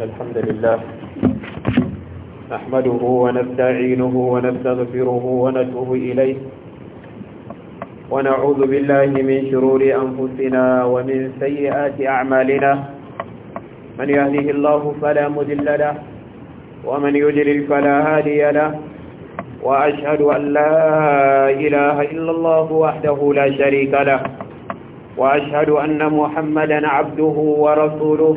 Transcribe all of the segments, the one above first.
إن الحمد لله نحمده ونستعينه ونستغفره ونتوب إليه ونعوذ بالله من شرور أنفسنا ومن سيئات أعمالنا من يهده الله فلا مذل له ومن يجلل فلا هادي له وأشهد أن لا إله إلا الله وحده لا شريك له وأشهد أن محمدا عبده ورسوله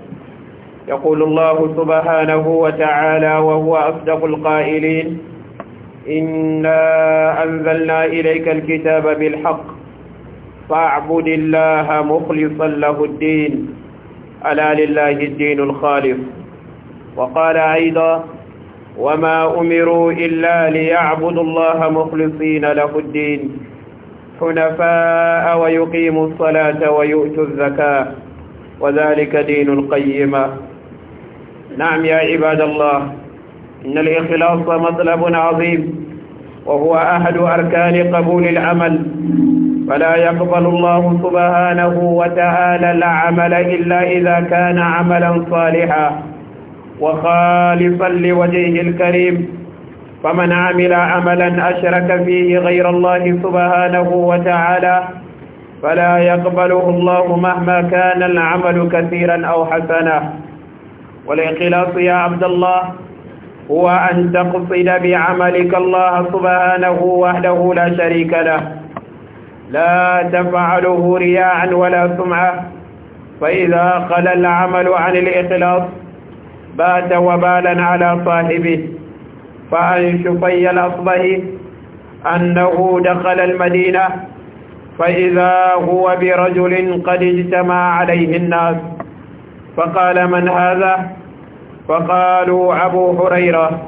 يقول الله سبحانه وتعالى وهو أصدق القائلين إنا أنزلنا إليك الكتاب بالحق فاعبد الله مخلصا له الدين ألا لله الدين الخالص وقال أيضا وما أمروا إلا ليعبدوا الله مخلصين له الدين حنفاء ويقيموا الصلاة ويؤتوا الزكاة وذلك دين القيمة نعم يا عباد الله إن الإخلاص مطلب عظيم وهو أحد أركان قبول العمل فلا يقبل الله سبحانه وتعالى العمل إلا إذا كان عملا صالحا وخالصا لوجهه الكريم فمن عمل عملا أشرك فيه غير الله سبحانه وتعالى فلا يقبله الله مهما كان العمل كثيرا أو حسنا والإخلاص يا عبد الله هو أن تقصد بعملك الله سبحانه وحده لا شريك له لا تفعله رياء ولا سمعة فإذا خل العمل عن الإخلاص بات وبالا على صاحبه فعن شفي الأصبه أنه دخل المدينة فإذا هو برجل قد اجتمع عليه الناس فقال من هذا؟ فقالوا أبو هريرة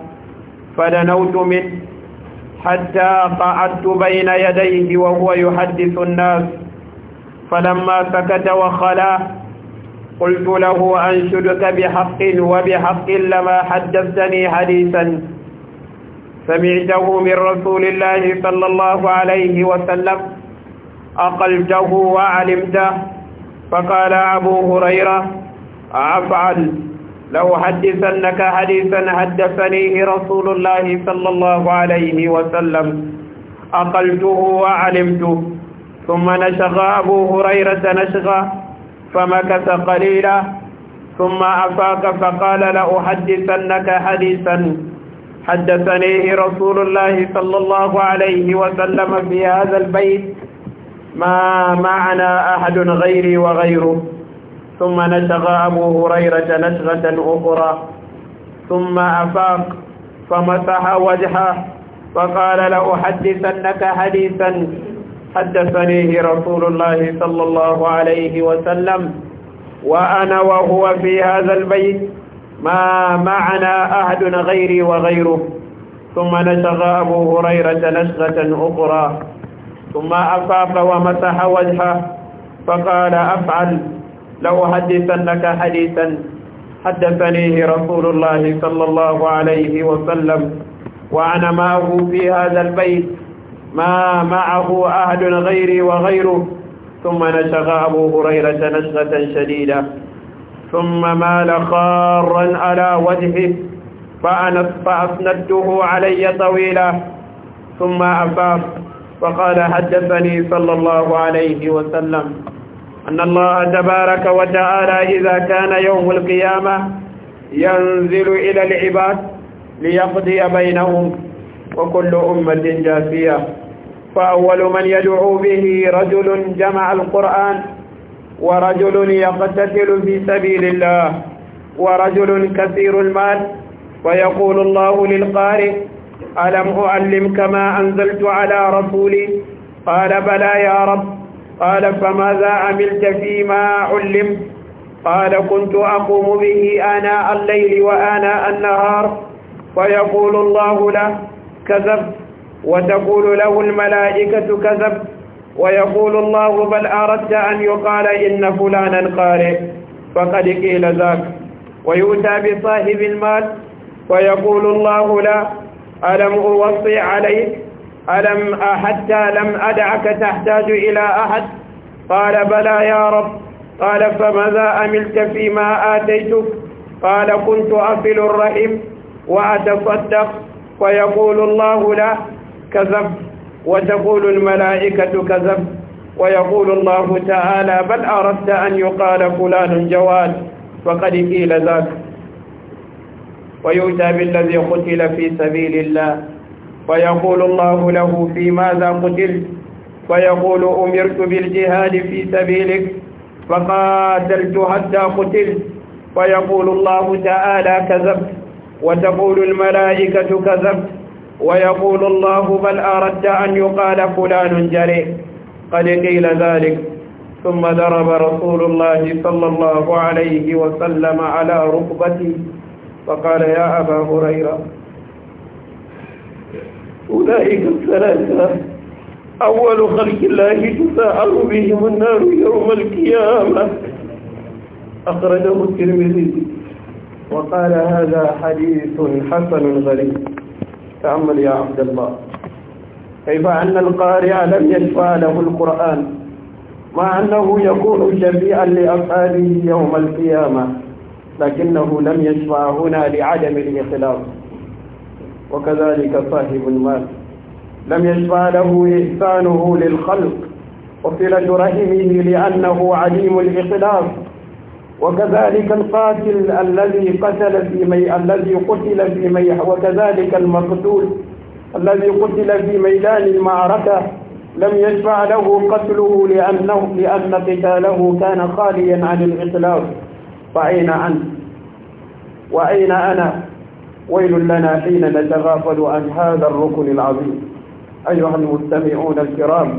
فدنوت منه حتى قعدت بين يديه وهو يحدث الناس فلما سكت وخلا قلت له أنشدك بحق وبحق لما حدثتني حديثا سمعته من رسول الله صلى الله عليه وسلم أقلته وعلمته فقال أبو هريرة أفعل لو حدثنك حديثا حدثنيه رسول الله صلى الله عليه وسلم أقلته وعلمته ثم نشغ أبو هريرة نشغا فمكث قليلا ثم أفاق فقال لأحدثنك حديثا حدثنيه رسول الله صلى الله عليه وسلم في هذا البيت ما معنا أحد غيري وغيره ثم نشغ أبو هريرة نشغة أخرى ثم أفاق فمسح وجهه فقال لأحدثنك حديثا حدثنيه رسول الله صلى الله عليه وسلم وأنا وهو في هذا البيت ما معنا أحد غيري وغيره ثم نشغ أبو هريرة نشغة أخرى ثم أفاق ومسح وجهه فقال أفعل لو حدثنك حديثا حدثنيه رسول الله صلى الله عليه وسلم وأنا معه في هذا البيت ما معه أحد غيري وغيره ثم نشغ أبو هريرة نشغة شديدة ثم مال خارا على وجهه فأنا فأسندته علي طويلا ثم أفاق فقال حدثني صلى الله عليه وسلم أن الله تبارك وتعالى إذا كان يوم القيامة ينزل إلى العباد ليقضي بينهم وكل أمة جاسية فأول من يدعو به رجل جمع القرآن ورجل يقتتل في سبيل الله ورجل كثير المال ويقول الله للقارئ ألم أعلمك ما أنزلت على رسولي قال بلى يا رب قال فماذا عملت فيما علمت قال كنت أقوم به آناء الليل وآناء النهار فيقول الله له كذب وتقول له الملائكة كذب ويقول الله بل أردت أن يقال إن فلانا قارئ فقد قيل ذاك ويؤتى بصاحب المال فيقول الله له ألم أوصي عليك ألم حتى لم أدعك تحتاج إلى أحد قال بلى يا رب قال فماذا أملت فيما آتيتك قال كنت أفل الرحم وأتصدق فيقول الله له كذب وتقول الملائكة كذب ويقول الله تعالى بل أردت أن يقال فلان جواد فقد قيل ذاك ويؤتى بالذي قتل في سبيل الله فيقول الله له في ماذا قتلت فيقول أمرت بالجهاد في سبيلك فقاتلت حتى قتلت فيقول الله تعالى كذبت وتقول الملائكة كذبت ويقول الله بل أردت أن يقال فلان جريء قد قيل ذلك ثم ضرب رسول الله صلى الله عليه وسلم على ركبتي فقال يا أبا هريرة أولئك الثلاثة أول خلق الله تساءل بهم النار يوم القيامة أخرجه الترمذي وقال هذا حديث حسن غريب تأمل يا عبد الله كيف أن القارئ لم يشفع له القرآن مع أنه يكون شفيعا لأصحابه يوم القيامة لكنه لم يشفع هنا لعدم الإخلاص وكذلك صاحب المال لم يشفع له إحسانه للخلق وصلة رحمه لأنه عليم الإخلاص وكذلك القاتل الذي قتل في مي... الذي قتل في مي... وكذلك المقتول الذي قتل في ميدان المعركة لم يشفع له قتله لأنه لأن قتاله كان خاليا عن الإخلاص فأين أنت وأين أنا ويل لنا حين نتغافل عن هذا الركن العظيم أيها المستمعون الكرام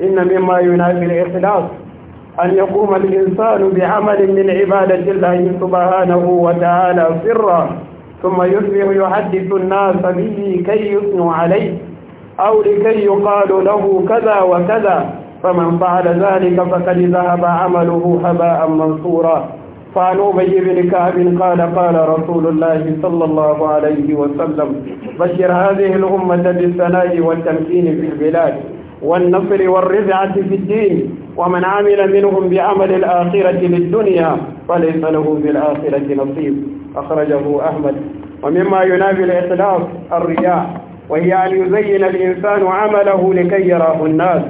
إن مما ينافي الإخلاص أن يقوم الإنسان بعمل من عبادة الله سبحانه وتعالى سرا ثم يصبح يحدث الناس به كي يثنوا عليه أو لكي يقال له كذا وكذا فمن فعل ذلك فقد ذهب عمله هباء منصورا فعن أبي بن كعب قال قال رسول الله صلى الله عليه وسلم بشر هذه الأمة بالثناء والتمكين في البلاد والنصر والرزعة في الدين ومن عمل منهم بعمل الآخرة للدنيا فليس له في الآخرة نصيب أخرجه أحمد ومما ينافي الإخلاص الرياء وهي أن يزين الإنسان عمله لكي يراه الناس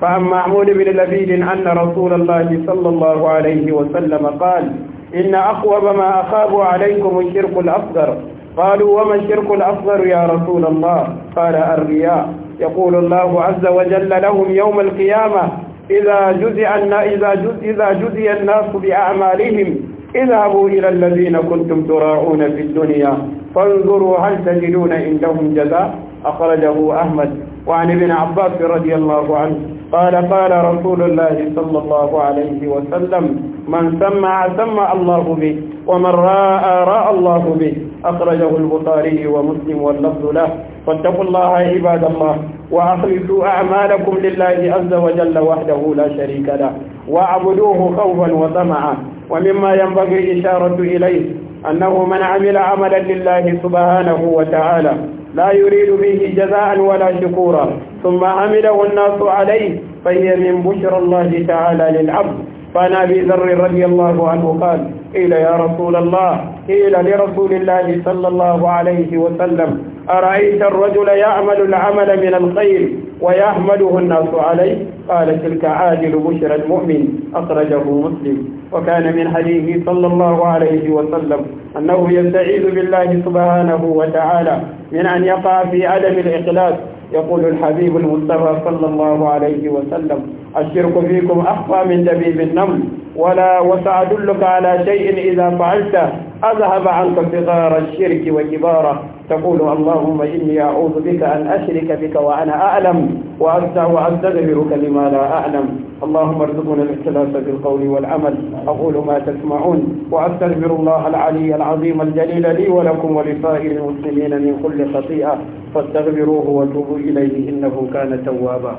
فعن معمود بن لبيد أن رسول الله صلى الله عليه وسلم قال إن أقوى ما أخاب عليكم الشرك الأصغر قالوا وما الشرك الأصغر يا رسول الله قال الرياء يقول الله عز وجل لهم يوم القيامة إذا جزئ إذا إذا جزئ الناس بأعمالهم اذهبوا إلى الذين كنتم تراعون في الدنيا فانظروا هل تجدون عندهم جزاء أخرجه أحمد وعن ابن عباس رضي الله عنه قال قال رسول الله صلى الله عليه وسلم من سمع سمع الله به ومن راى راى الله به أخرجه البخاري ومسلم واللفظ له فاتقوا الله عباد الله وأخلصوا أعمالكم لله عز وجل وحده لا شريك له واعبدوه خوفا وطمعا ومما ينبغي إشارة إليه أنه من عمل عملا لله سبحانه وتعالى لا يريد به جزاء ولا شكورا ثم عمله الناس عليه فهي من بشر الله تعالى للعبد فأنا أبي ذر رضي الله عنه قال إلى يا رسول الله إلى لرسول الله صلى الله عليه وسلم أرأيت الرجل يعمل العمل من الخير ويحمده الناس عليه قال تلك عاجل بشر المؤمن أخرجه مسلم وكان من حديث صلى الله عليه وسلم أنه يستعيذ بالله سبحانه وتعالى من أن يقع في عدم الإخلاص يقول الحبيب المصطفى صلى الله عليه وسلم الشرك فيكم أخفى من دبيب النمل ولا وسأدلك على شيء إذا فعلته أذهب عنك صغار الشرك وكباره تقول اللهم إني أعوذ بك أن أشرك بك وأنا أعلم وأستغفرك لما لا أعلم اللهم ارزقنا الاختلاف في القول والعمل أقول ما تسمعون وأستغفر الله العلي العظيم الجليل لي ولكم ولسائر المسلمين من كل خطيئة فاستغفروه وتوبوا إليه إنه كان توابا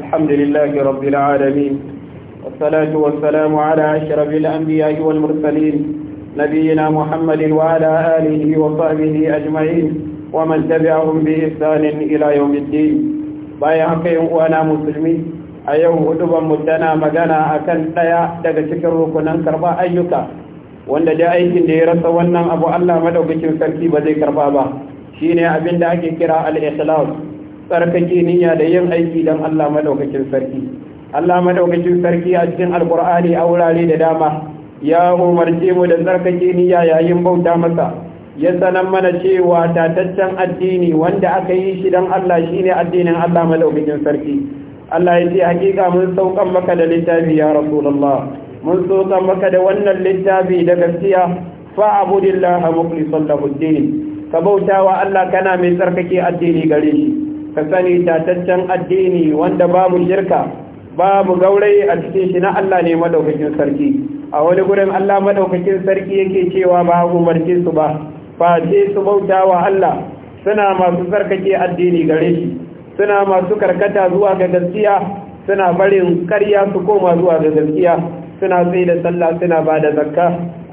الحمد لله رب العالمين والصلاة والسلام على أشرف الأنبياء والمرسلين نبينا محمد وعلى آله وصحبه أجمعين ومن تبعهم بإحسان إلى يوم الدين bayan haka yin uwana musulmi a yau huduban mu tana magana akan ɗaya daga cikin rukunan karba ayyuka wanda da aikin da ya rasa wannan abu Allah madaukakin sarki ba zai karba ba shine abin da ake kira al-ikhlas tsarkake niyya da yin aiki don Allah madaukakin sarki Allah madaukakin sarki a cikin alkur'ani a wurare da dama ya umarce mu da tsarkake niyya yayin bauta masa ya sanan mana cewa tataccen addini wanda aka yi shi don Allah shine addinin Allah madaukakin sarki Allah ya ce hakika mun saukan maka da littafi ya rasulullah mun saukan maka da wannan littafi da gaskiya fa a mukhlishan lahu ka bautawa Allah kana mai tsarkake addini gare shi ka sani tataccen addini wanda babu shirka babu gaurai a cikin shi na Allah ne madaukakin sarki a wani gurin Allah madaukakin sarki yake cewa ba umarce su ba ba ce su bauta wa Allah suna masu sarkake addini gare shi suna masu karkata zuwa ga gaskiya suna barin karya su koma zuwa ga gaskiya suna tsaye da sallah suna ba da zakka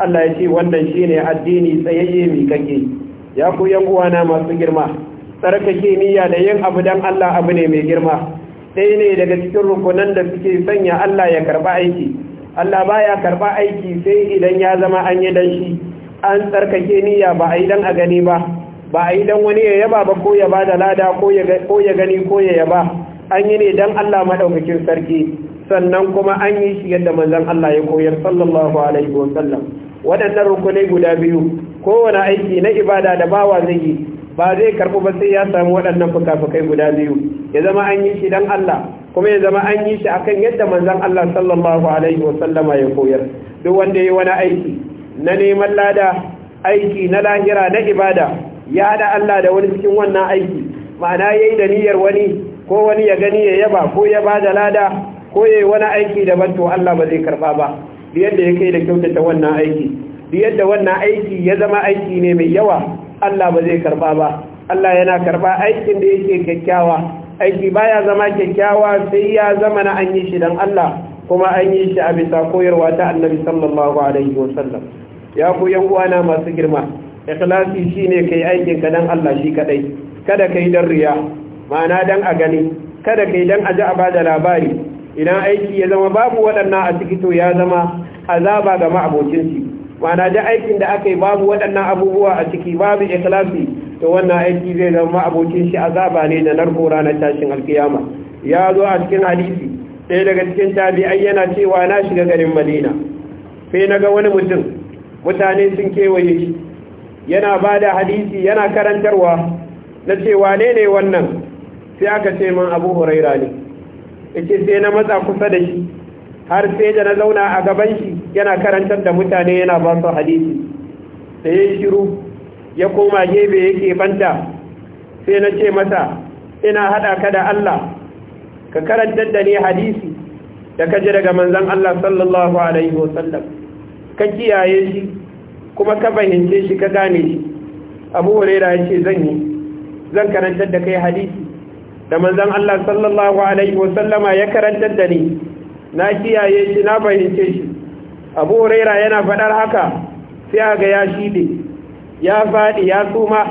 Allah ya ce wannan shine addini tsayayye mi kake ya ku yan uwana masu girma tsarkake niyya da yin abu don Allah abu ne mai girma ɗaya ne daga cikin rukunan da suke sanya Allah ya karba aiki Allah baya karɓa aiki sai idan ya zama an yi dan shi an tsarkake niyya ba a yi dan a gani ba ba a yi dan wani ya yaba ba ko ya ba da lada ko ya gani ko ya yaba an yi ne don Allah maɗaukakin sarki sannan kuma an yi shi yadda manzan Allah ya koyar sallallahu alaihi wasallam waɗannan rukunai guda biyu kowane aiki na ibada da bawa zai yi ba zai karɓi ba sai ya samu waɗannan fuka-fukai guda biyu ya zama an yi shi dan Allah kuma ya zama an yi shi akan yadda manzon Allah sallallahu alaihi wasallama ya koyar duk wanda ya yi wani aiki na neman lada aiki na lahira na ibada ya haɗa Allah da wani cikin wannan aiki ma'ana yayi da niyyar wani ko wani ya gani ya yaba ko ya ba da lada ko yayi wani aiki daban to Allah ba zai karɓa ba da yadda ya kai da kyautata wannan aiki da yadda wannan aiki ya zama aiki ne mai yawa Allah ba zai karba ba Allah yana karba aikin da yake kyakkyawa aiki baya zama kyakkyawa sai ya zama na an yi shi dan Allah kuma an yi shi a bisa koyarwa ta Annabi sallallahu alaihi wasallam ya ku yan uwana masu girma ikhlasi shine kai aikin ka dan Allah shi kadai kada kai dan riya ma'ana dan a gani kada kai dan aji a bada labari idan aiki ya zama babu waɗannan a cikin to ya zama azaba ga shi ma'ana da aikin da aka yi babu waɗannan abubuwa a ciki babu ikhlasi to wannan aiki zai zama abokin shi azaba ne da narko ranar tashin alkiyama ya zo a cikin hadisi sai daga cikin tabi'ai yana cewa na shiga garin madina sai na ga wani mutum mutane sun kewaye shi yana bada hadisi yana karantarwa na cewa ne ne wannan sai aka ce man abu huraira ne yake sai na matsa kusa da shi har sai da na zauna a gaban shi yana karantar da mutane yana ba su hadisi sai ya shiru ya koma gebe yake banta sai na ce masa ina haɗa ka da Allah ka karantar da ni hadisi da ka ji daga manzan Allah sallallahu alaihi wasallam ka kiyaye shi kuma ka fahimce shi ka gane shi abu huraira ya ce zan yi zan karantar da kai hadisi da manzan Allah sallallahu alaihi wasallama ya karantar da ni na kiyaye shi na fahimce shi abu huraira yana faɗar haka sai aga ya shide ya faɗi ya tsuma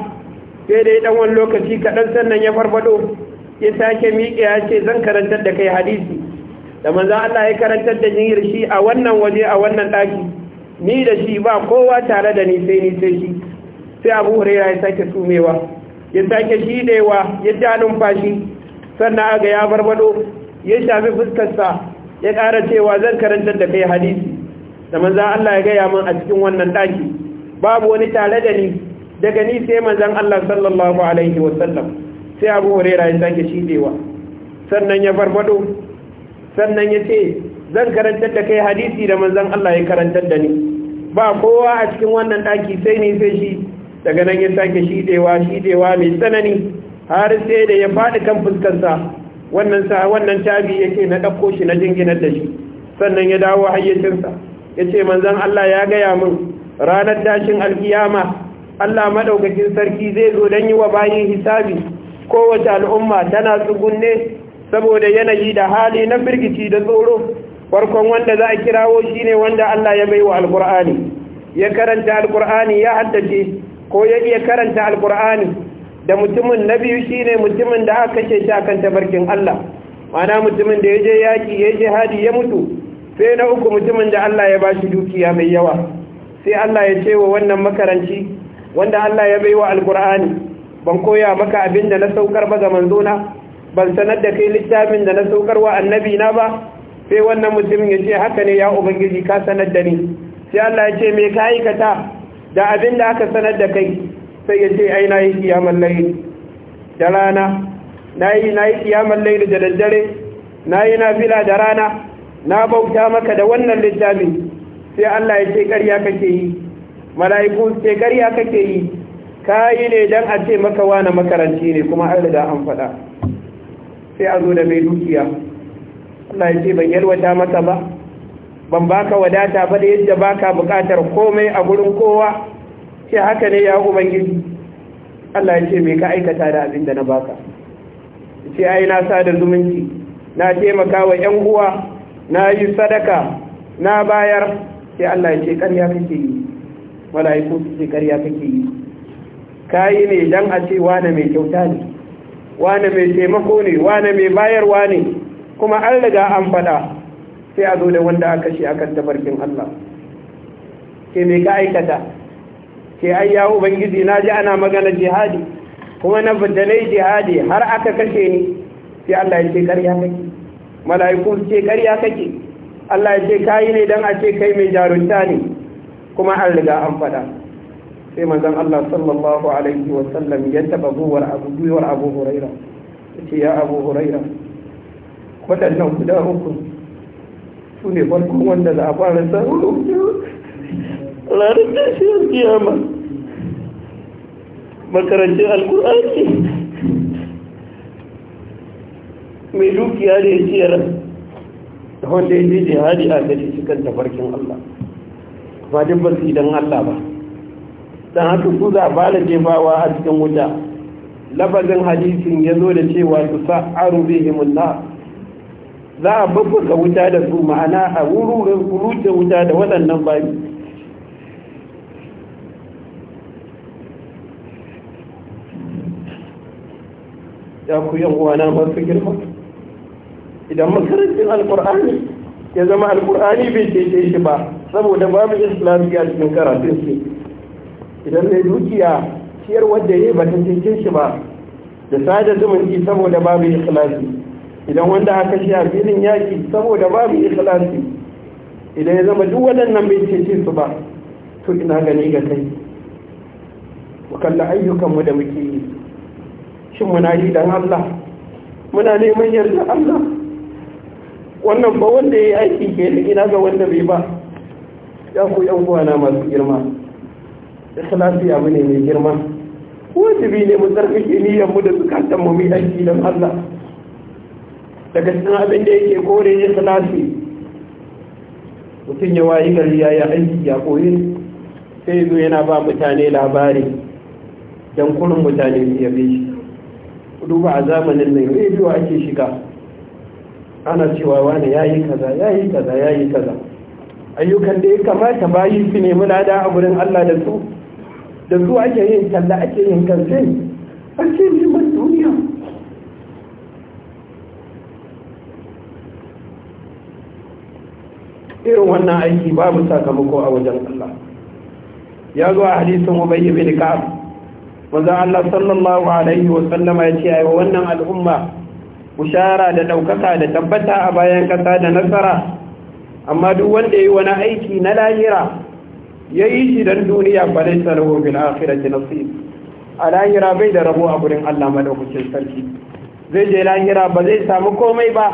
sai dai ɗan wani lokaci kaɗan sannan ya farfado ya sake miƙe ya ce zan karantar da kai hadisi da manzan Allah ya karantar da jinyar shi a wannan waje a wannan ɗaki ni da shi ba kowa tare da ni sai ni sai shi sai abu huraira ya sake sumewa ya sake shiɗewa ya ja numfashi sannan aga ya barbaɗo ya shafi fuskarsa ya ƙara cewa zan karantar da kai hadisi da manzan Allah ya gaya min a cikin wannan ɗaki babu wani tare da ni daga ni sai manzan Allah sallallahu alaihi wasallam sai abu huraira ya sake shidewa sannan ya farfado sannan ya ce zan karantar da kai hadisi da manzan Allah ya karantar da ni ba kowa a cikin wannan ɗaki sai ni sai shi daga nan ya sake shidewa shidewa mai tsanani har sai da ya faɗi kan fuskarsa wannan sa wannan tabi yake na ɗauko shi na jinginar da shi sannan ya dawo hayyacinsa yace ce manzan Allah ya gaya mun ranar tashin alkiyama Allah maɗaukakin sarki zai zo dan yi wa bayin hisabi kowace al'umma tana tsugunne saboda yanayi da hali na firgici da tsoro farkon wanda za a kirawo shine wanda Allah ya baiwa alkur'ani ya karanta alqur'ani ya haddace ko ya iya karanta alkur'ani da mutumin na biyu shine mutumin da aka kashe shi akan tabarkin Allah mana mutumin da ya je yaƙi ya je hadi ya mutu sai na uku mutumin da Allah ya ba shi dukiya mai yawa sai Allah ya ce wa wannan makaranci wanda Allah ya bai wa alkur'ani ban koya maka abin da na saukar ba ga manzona ban sanar da kai littafin da na saukar wa annabi na ba sai wannan mutumin ya ce haka ne ya ubangiji ka sanar da ni sai Allah ya ce me ka aikata da abin da aka sanar da kai sai ya ce ai na yi kiyamar laili da rana na yi kiyamar laili da daddare na yi na fila da rana na bauta maka da wannan littafin sai Allah ya ce ƙarya kake yi mala'iku ce ƙarya kake yi yi ne dan a ce maka wani makaranci ne kuma an riga an faɗa sai a zo da mai dukiya Allah ya ce ban yalwata maka ba ban baka wadata ba da yadda baka bukatar komai a gurin kowa ke haka ne ya ubangiji Allah ya ce me ka aikata da abin da na baka ce ai na sada zumunci na taimaka wa yan uwa na yi sadaka na bayar sai Allah ya ce ƙarya kake yi mala'iku su ce ƙarya kake yi kayi ne dan a ce wane mai kyauta ne wane mai taimako ne wane mai bayarwa ne kuma an riga an faɗa sai a zo da wanda aka shi akan tabarkin Allah ke me ka aikata Ke ai ya ubangiji na ji ana magana jihadi kuma na fita na jihadi har aka kashe ni sai Allah ya ce ƙarya kake mala'iku ce ƙarya kake Allah ya ce kayi ne don a ce kai mai jarunta ne kuma an riga an faɗa sai manzon Allah sallallahu alaihi wa sallam ya taba buwar abu buwar Abu Huraira ce ya Abu Huraira waɗannan guda uku su ne farkon wanda za a fara ya ranar tashiyar kiyama makarancin alkur'ani mai dukiya da ya ciyar da wanda ya ce hajji a gaji cikin tafarkin Allah ba duk ba su idan Allah ba don haka su za ba da jefawa a cikin wuta lafazin hadisin ya zo da cewa su sa aru bihimun na za a babbaka wuta da su ma'ana a wurin wuta da waɗannan bayi ya ku yan na masu girma idan makarancin alkur'ani ya zama alkur'ani bai daidai shi ba saboda babu ya cikin karatun shi idan mai dukiya ciyar wadda ya ba ta cikin shi ba da sada zumunci saboda babu ikhlasi idan wanda aka shi a filin yaki saboda babu ikhlasi idan ya zama duk waɗannan bai cece su ba to ina gani ga kai mu da ayyukanmu da muke yi aikin muna yi don Allah muna neman yarda Allah wannan ba wanda ya yi aiki ke da ina ga wanda bai ba ya ku yan na masu girma ikhlasi abu ne mai girma bi ne mu ke niyan mu da zukatan mu mai aiki don Allah daga cikin abin da yake kore ikhlasi mutum ya wayi gari ya yi aiki ya koyi sai zo yana ba mutane labari don kullum mutane su yabe shi duba a zamanin nan rediyo ake shiga ana cewa wani ya yi kaza ya yi kaza ya yi kaza ayyukan da ya kamata bayi su nemi lada a gurin allah da su da su ake yin talla ake yin kansin ake yi duniya irin wannan aiki babu sakamako a wajen allah ya zo a hadisin ubayy bin ka'ab manzo Allah sallallahu alaihi wa sallama ya ce wannan al'umma bushara da daukaka da tabbata a bayan kasa da nasara amma duk wanda yayi wani aiki na lahira yayi shi dan duniya fa laysa bil akhirati nasib a lahira bai da rabo a gurin Allah madaukakin sarki zai je lahira ba zai samu komai ba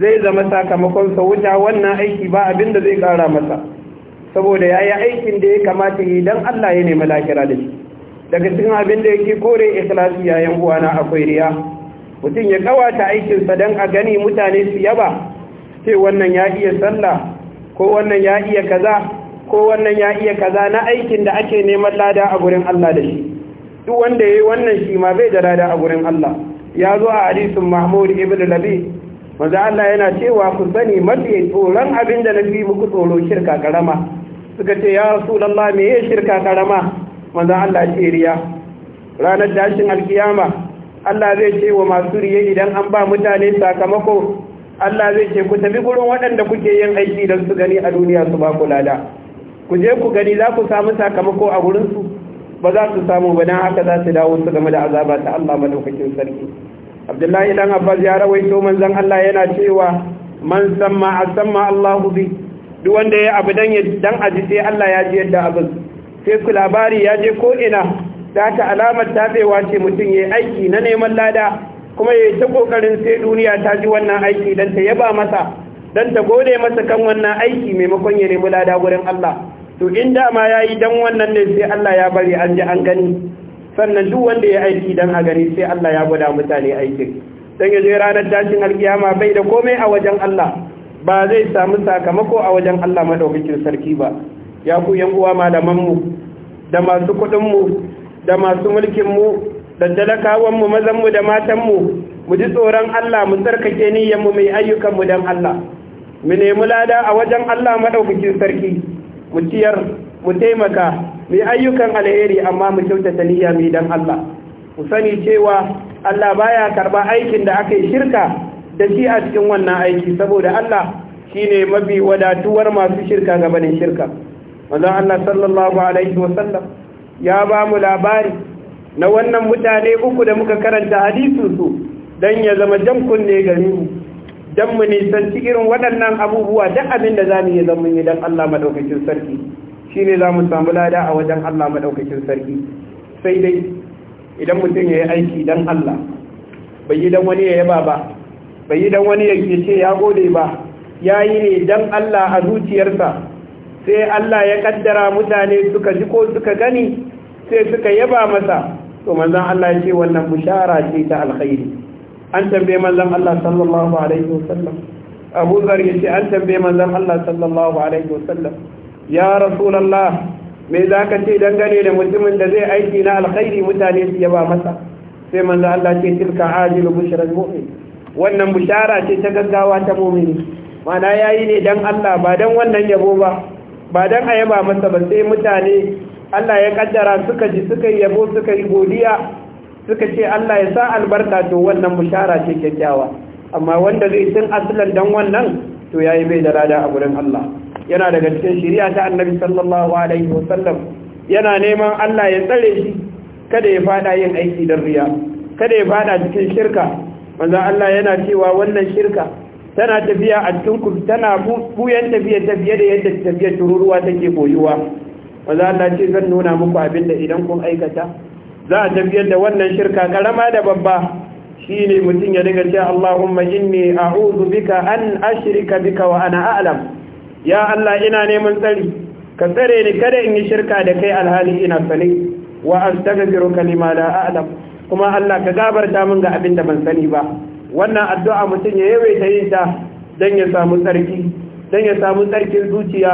zai zama sakamakon sa wuta wannan aiki ba abin da zai kara masa saboda yayi aikin da ya kamata yi dan Allah ya nemi lahira da shi daga cikin abin da yake kore ikhlasi yayin na akwai riya mutum ya kawata aikinsa don a gani mutane su yaba ce wannan ya iya sallah ko wannan ya iya kaza ko wannan ya iya kaza na aikin da ake neman lada a gurin Allah da shi duk wanda ya yi wannan shi ma bai da lada a gurin Allah ya zo a hadisin Mahmud ibn Labi manzo Allah yana cewa ku sani mafi tsoron abin da na nabi muku tsoro shirka karama suka ce ya rasulallah me ya shirka karama manzan Allah ce riya ranar dashin alkiyama Allah zai ce wa masu riye idan an ba mutane sakamako Allah zai ce ku tafi gurin waɗanda kuke yin aiki don su gani a duniya su ba ku lada ku je ku gani za ku samu sakamako a gurinsu ba za su samu ba don haka za su dawo su game da azaba ta Allah madaukakin sarki Abdullahi dan Abbas ya rawaito manzan Allah yana cewa man samma asamma Allahu bi duk wanda ya abu dan dan aji sai Allah ya ji yadda abin sai ku labari ya je ko ina da ta alamar tabewa ce mutum ya aiki na neman lada kuma ya yi ta kokarin sai duniya ta ji wannan aiki don ta yaba masa don ta gode masa kan wannan aiki maimakon ya nemi lada wurin Allah to in dama yi don wannan ne sai Allah ya bari an ji an gani sannan duk wanda ya aiki don a gani sai Allah ya gwada mutane aiki. dan ya je ranar tashin alkiyama bai da komai a wajen Allah ba zai samu sakamako a wajen Allah madaukakin sarki ba ya ku yan uwa malamanmu da masu kuɗinmu da masu mulkinmu da talakawanmu mazanmu da matanmu mu ji tsoron Allah mu tsarkake mu mai ayyukanmu don Allah mu nemi lada a wajen Allah maɗaukakin sarki mu ciyar mu taimaka mu ayyukan alheri amma mu kyautata niyyar mu dan Allah mu sani cewa Allah baya karba aikin da aka yi shirka da shi a cikin wannan aiki saboda Allah shine mafi wadatuwar masu shirka gabanin shirka wanzan Allah sallallahu alaihi wasallam ya ba mu labari na wannan mutane uku da muka karanta hadisunsu don ya zama jan kunne gari mu don mu nisanci irin waɗannan abubuwa duk abin da mu yi zan yi don Allah maɗaukacin sarki Shi ne za mu samu lada a wajen Allah maɗaukacin sarki sai dai idan mutum ya yi aiki don Allah bai yi don wani ya yaba ba bai yi don wani ya ce ya gode ba ya yi ne don Allah a zuciyarsa sai Allah ya kaddara mutane suka ji ko suka gani sai suka yaba masa to manzon Allah ya ce wannan bushara ce ta alkhairi an tambaye manzon Allah sallallahu alaihi wasallam Abu Zar ya ce an tambaye manzon Allah sallallahu alaihi wasallam ya rasulullah me zaka ce dangane da mutumin da zai aiki na alkhairi mutane su yaba masa sai manzo Allah ce tilka ajilu bushral mu'min wannan bushara ce ta gaggawa ta mu'mini mana yayi ne dan Allah ba dan wannan yabo ba ba don a yaba masa ba sai mutane Allah ya kaddara suka ji suka yi yabo suka yi godiya suka ce Allah ya sa albarka to wannan bushara ce kyakkyawa amma wanda zai tun asalin don wannan to ya yi bai da rada a wurin Allah yana daga cikin shirya ta Annabi sallallahu alaihi wasallam yana neman Allah ya tsare shi kada ya fada yin aiki don riya kada ya fada cikin shirka manzo Allah yana cewa wannan shirka tana tafiya a cikin tana buyan tafiya tafiye da yadda tafiya tururuwa take koyuwa. maza Allah ce zan nuna muku abin da idan kun aikata za a tafiyar da wannan shirka karama da babba ne mutum ya daga ce Allahumma inni a'udhu bika an ashrika bika wa ana a'lam ya Allah ina neman tsari ka tsare ni kada in yi shirka da kai alhali ina sani wa astaghfiruka kalima da a'alam. kuma Allah ka gabarta min ga abin da ban sani ba wannan addu'a mutum ya yawaita yin ta don ya samu tsarki don ya samu tsarkin zuciya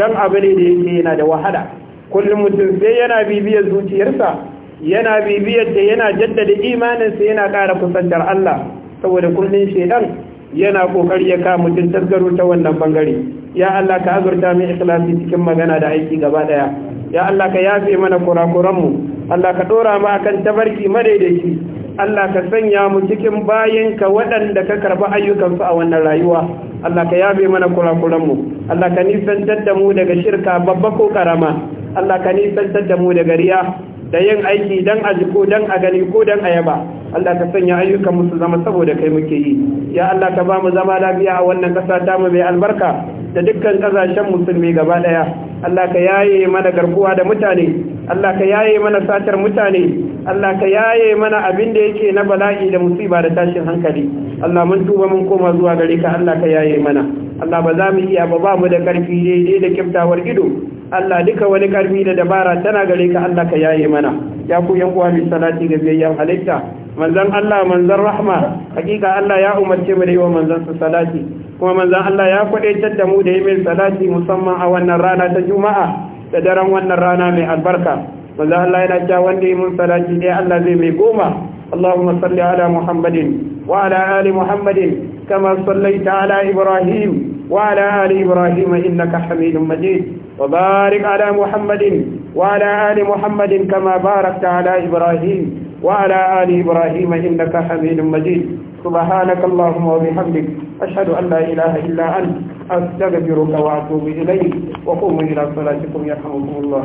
don abu ne da yake yana da wahala kullum mutum sai yana bibiyar zuciyarsa yana bibiyar da yana jaddada imaninsa yana ƙara kusantar Allah saboda kullum shaidan yana kokari ya ka mutum tasgaro ta wannan bangare ya Allah ka azurta mu ikhlasi cikin magana da aiki gaba daya ya Allah ka yafe mana kurakuranmu Allah ka dora mu akan tabarki madaidaici Allah ka sanya mu cikin bayanka waɗanda ka karɓi ayyukansu a wannan rayuwa Allah ka yabe mana kurakuranmu Allah ka nisantar da mu daga shirka babba ko karama Allah ka nisantar da mu daga riya da yin aiki dan a jiko don a gani ko don a yaba Allah ka sanya ayyukan su zama saboda kai muke yi ya Allah ka ba mu zama lafiya a wannan ƙasa ta mu mai albarka da dukkan ƙasashen musulmi gaba ɗaya Allah ka yaye mana garkuwa da mutane Allah ka yaye mana satar mutane Allah ka yaye mana abin da yake na bala'i da musiba da tashin hankali Allah mun tuba mun koma zuwa gare ka Allah ka yaye mana Allah ba za mu iya ba ba mu da karfi daidai da kiftawar ido Allah duka wani karfi da dabara tana gare ka Allah ka yaye mana ya ku yan uwa mai salati ga biyayyan halitta manzon Allah manzon rahma hakika Allah ya umarce mu da yi wa manzon su salati kuma manzan Allah ya kwadaitar da mu da yi mai salati musamman a wannan rana ta juma'a da daren wannan rana mai albarka wanda Allah yana ja wanda yi mun salaci ne Allah zai mai goma Allahumma salli ala Muhammadin wa ala ali Muhammadin kama sallaita ala Ibrahim wa ala ali Ibrahim innaka Hamidum Majid wa barik ala Muhammadin wa ala ali Muhammadin kama barakta ala Ibrahim wa ala ali Ibrahim innaka Hamidum Majid subhanaka Allahumma wa bihamdik ashhadu an la ilaha illa anta أستغفرك وأتوب إليك وقوموا إلى صلاتكم يرحمكم الله